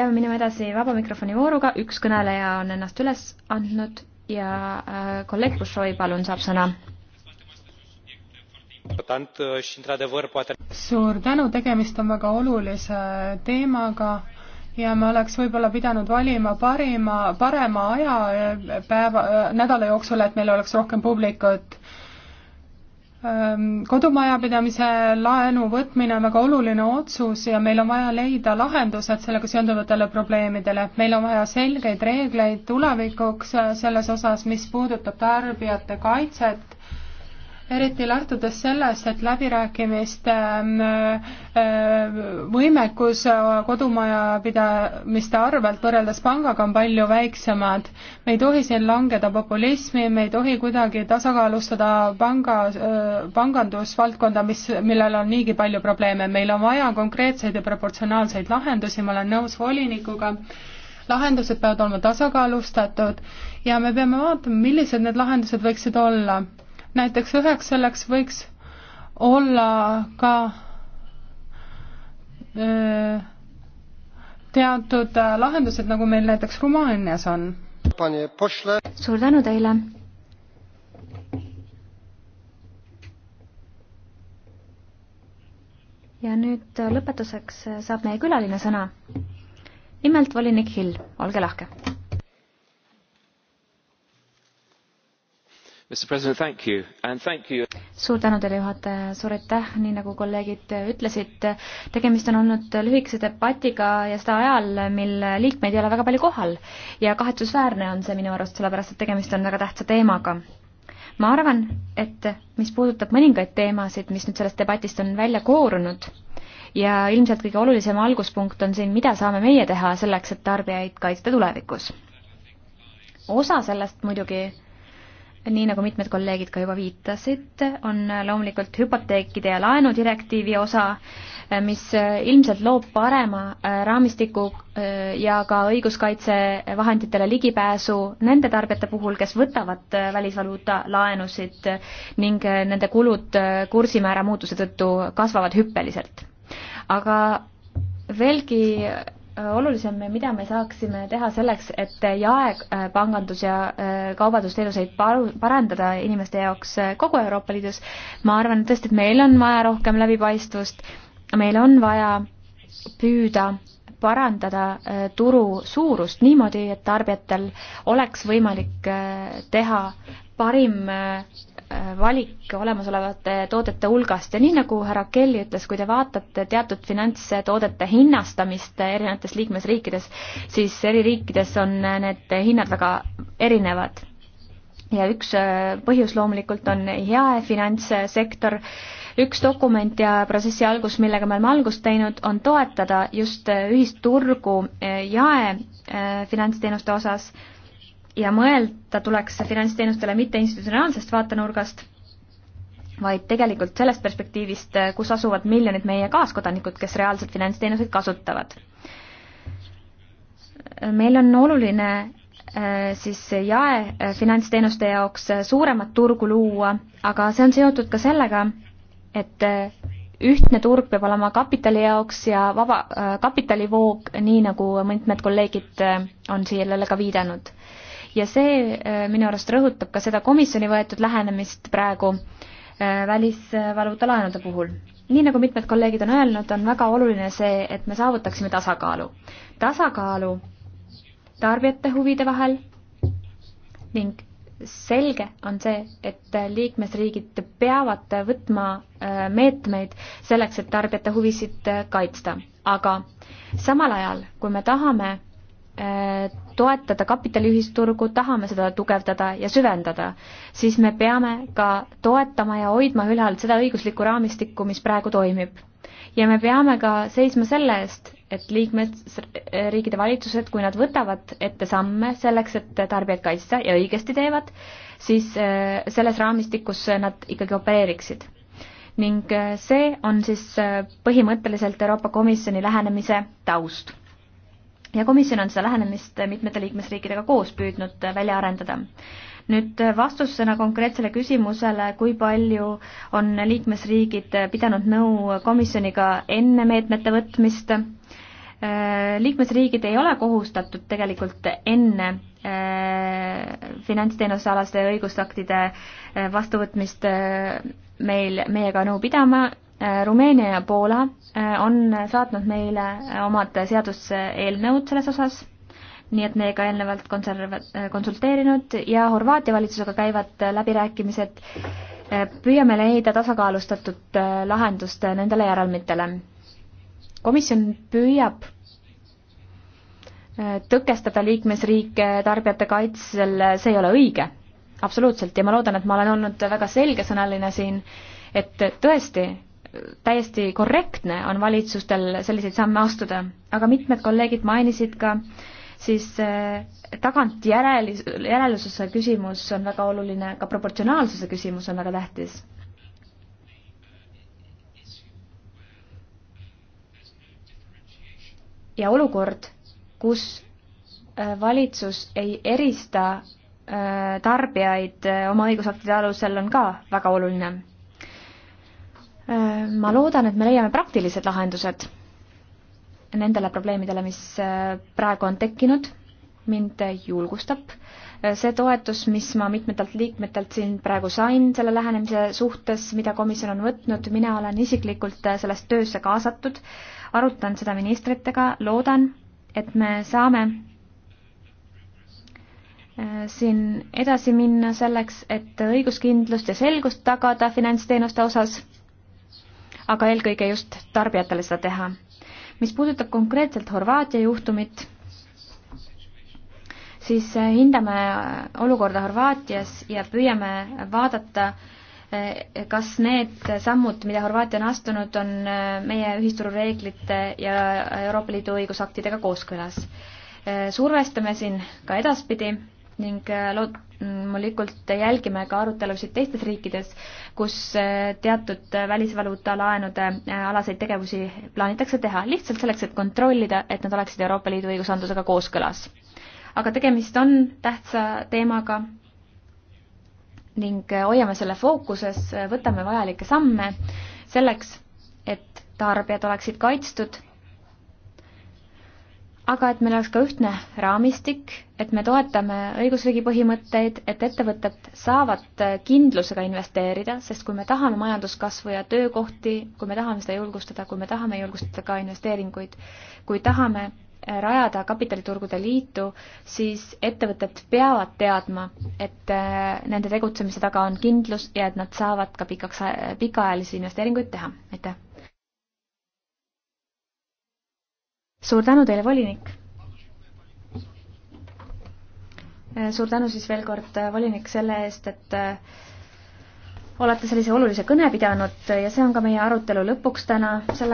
peame minema edasi vaba mikrofoni vooruga, üks kõneleja on ennast üles andnud ja äh, kolleeg Bushoi, palun, saab sõna. Äh, suur tänu, tegemist on väga olulise teemaga ja ma oleks võib-olla pidanud valima parima, parema aja äh, päeva, äh, nädala jooksul, et meil oleks rohkem publikut Ehm, kodumajapidamise laenu võtmine on väga oluline otsus ja meil on vaja leida lahendused sellega seonduvatele probleemidele. meil on vaja selgeid reegleid tulevikuks selles osas, mis puudutab tarbijate kaitset eriti lähtudes sellest, et läbirääkimiste ähm, äh, võimekus äh, kodumajapidamiste arvelt võrreldes pangaga on palju väiksemad. me ei tohi siin langeda populismi, me ei tohi kuidagi tasakaalustada panga, äh, pangandusvaldkonda, mis, millel on niigi palju probleeme, meil on vaja konkreetseid ja proportsionaalseid lahendusi, ma olen nõus volinikuga lahendused peavad olema tasakaalustatud ja me peame vaatama, millised need lahendused võiksid olla näiteks üheks selleks võiks olla ka öö, teatud äh, lahendused, nagu meil näiteks Rumaanias on. suur tänu teile. ja nüüd äh, lõpetuseks äh, saab meie külaline sõna. nimelt volinik Hill, olge lahke suur tänu teile, juhataja, suur aitäh, nii nagu kolleegid ütlesid, tegemist on olnud lühikese debatiga ja seda ajal, mil liikmeid ei ole väga palju kohal. ja kahetsusväärne on see minu arust, sellepärast et tegemist on väga tähtsa teemaga. ma arvan, et mis puudutab mõningaid teemasid, mis nüüd sellest debatist on välja koorunud, ja ilmselt kõige olulisem alguspunkt on siin, mida saame meie teha selleks, et tarbijaid kaitsta tulevikus. osa sellest muidugi nii nagu mitmed kolleegid ka juba viitasid, on loomulikult hüpoteekide ja laenudirektiivi osa, eh, mis eh, ilmselt loob parema eh, raamistiku ja ka õiguskaitsevahenditele ligipääsu nende tarbijate puhul, kes võtavad välisvaluuta laenusid ning nende kulud kursimäära muutuse tõttu kasvavad hüppeliselt. aga veelgi Äh, olulisem, mida me saaksime teha selleks, et jaepangandus äh, ja äh, kaubandusteenuseid parandada inimeste jaoks kogu Euroopa Liidus. ma arvan tõesti, et meil on vaja rohkem läbipaistvust, meil on vaja püüda parandada turu suurust niimoodi, et tarbijatel oleks võimalik teha parim valik olemasolevate toodete hulgast ja nii nagu härra Kelly ütles, kui te vaatate teatud finantstoodete hinnastamist erinevates liikmesriikides, siis eri riikides on need hinnad väga erinevad. ja üks äh, põhjus loomulikult on jae finantssektor, üks dokument ja protsessi algus, millega me oleme algust teinud, on toetada just äh, ühist turgu äh, jae finantsteenuste osas ja mõelda tuleks finantsteenustele mitte institutsionaalsest vaatenurgast, vaid tegelikult sellest perspektiivist, kus asuvad miljonid meie kaaskodanikud, kes reaalselt finantsteenuseid kasutavad. meil on oluline äh, siis jae äh, finantsteenuste jaoks äh, suuremat turgu luua, aga see on seotud ka sellega, et ühtne turg peab olema kapitali jaoks ja vaba kapitalivoog, nii nagu mitmed kolleegid on sellele ka viidanud ja see äh, minu arust rõhutab ka seda komisjoni võetud lähenemist praegu äh, välisvaluuta laenude puhul. nii nagu mitmed kolleegid on öelnud, on väga oluline see, et me saavutaksime tasakaalu. tasakaalu tarbijate huvide vahel ning selge on see, et liikmesriigid peavad võtma äh, meetmeid selleks, et tarbijate huvisid kaitsta, aga samal ajal, kui me tahame Äh, toetada kapitaliühisturgu, tahame seda tugevdada ja süvendada, siis me peame ka toetama ja hoidma ülal seda õiguslikku raamistikku, mis praegu toimib. ja me peame ka seisma selle eest, et liikmesriikide valitsused, kui nad võtavad ette samme selleks, et tarbijaid kaitsta ja õigesti teevad, siis äh, selles raamistikus nad ikkagi opereeriksid. ning äh, see on siis põhimõtteliselt Euroopa Komisjoni lähenemise taust ja komisjon on seda lähenemist mitmete liikmesriikidega koos püüdnud välja arendada. nüüd vastusena konkreetsele küsimusele, kui palju on liikmesriigid pidanud nõu komisjoniga enne meetmete võtmist, liikmesriigid ei ole kohustatud tegelikult enne äh, finantsteenuse alaste õigusaktide äh, vastuvõtmist äh, meil, meiega nõu pidama, Äh, Rumeenia ja Poola äh, on saatnud meile äh, omad seaduseelnõud selles osas, nii et meiega eelnevalt konserv-, konsulteerinud ja Horvaatia valitsusega käivad läbirääkimised. püüame leida tasakaalustatud lahendust nendele järelmitele. komisjon püüab tõkestada liikmesriike tarbijate kaitsel, see ei ole õige, absoluutselt, ja ma loodan, et ma olen olnud väga selgesõnaline siin, et tõesti, täiesti korrektne on valitsustel selliseid samme astuda, aga mitmed kolleegid mainisid ka siis eh, tagantjäreli, järelususe küsimus on väga oluline, ka proportsionaalsuse küsimus on väga tähtis ja olukord, kus eh, valitsus ei erista eh, tarbijaid oma õigusaktide alusel, on ka väga oluline ma loodan, et me leiame praktilised lahendused nendele probleemidele, mis äh, praegu on tekkinud. mind julgustab äh, see toetus, mis ma mitmetelt liikmetelt siin praegu sain selle lähenemise suhtes, mida komisjon on võtnud, mina olen isiklikult äh, sellesse töösse kaasatud, arutan seda ministritega, loodan, et me saame siin edasi minna selleks, et õiguskindlust ja selgust tagada finantsteenuste osas aga eelkõige just tarbijatele seda teha. mis puudutab konkreetselt Horvaatia juhtumit, siis äh, hindame äh, olukorda Horvaatias ja püüame vaadata, äh, kas need sammud, mida Horvaatia on astunud, on meie ühisturureeglite ja Euroopa Liidu õigusaktidega kooskõlas. survestame siin ka edaspidi ning äh, loomulikult jälgime ka arutelusid teistes riikides, kus äh, teatud äh, välisvaluuta laenude alaseid tegevusi plaanitakse teha, lihtsalt selleks, et kontrollida, et nad oleksid Euroopa Liidu õigusandlusega kooskõlas. aga tegemist on tähtsa teemaga ning hoiame selle fookuses, võtame vajalikke samme selleks, et tarbijad oleksid kaitstud aga et meil oleks ka ühtne raamistik, et me toetame õigusriigi põhimõtteid, et ettevõtted saavad kindlusega investeerida, sest kui me tahame majanduskasvu ja töökohti, kui me tahame seda julgustada, kui me tahame julgustada ka investeeringuid, kui tahame rajada kapitaliturgude liitu, siis ettevõtted peavad teadma, et äh, nende tegutsemise taga on kindlus ja et nad saavad ka pikaks, pikaajalisi investeeringuid teha. aitäh! suur tänu teile, volinik! Äh, suur tänu siis veel kord, äh, volinik, selle eest, et äh, olete sellise olulise kõne pidanud ja see on ka meie arutelu lõpuks täna, selle